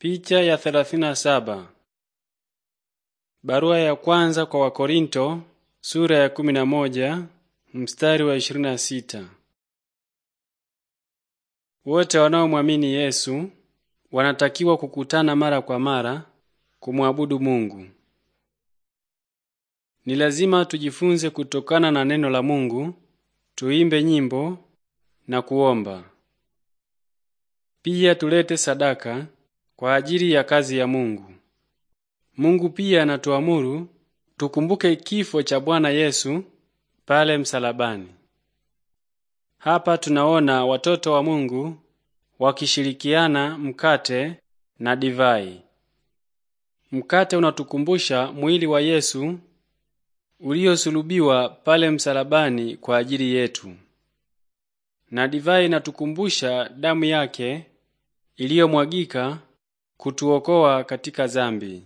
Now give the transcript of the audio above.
Picha ya 37. Barua ya kwanza kwa Wakorinto sura ya 11 mstari wa 26. Wote wanaomwamini Yesu wanatakiwa kukutana mara kwa mara kumwabudu Mungu. Ni lazima tujifunze kutokana na neno la Mungu, tuimbe nyimbo na kuomba. Pia tulete sadaka kwa ajili ya kazi ya Mungu. Mungu pia anatuamuru tukumbuke kifo cha Bwana Yesu pale msalabani. Hapa tunaona watoto wa Mungu wakishirikiana mkate na divai. Mkate unatukumbusha mwili wa Yesu uliosulubiwa pale msalabani kwa ajili yetu, na divai inatukumbusha damu yake iliyomwagika kutuokoa katika zambi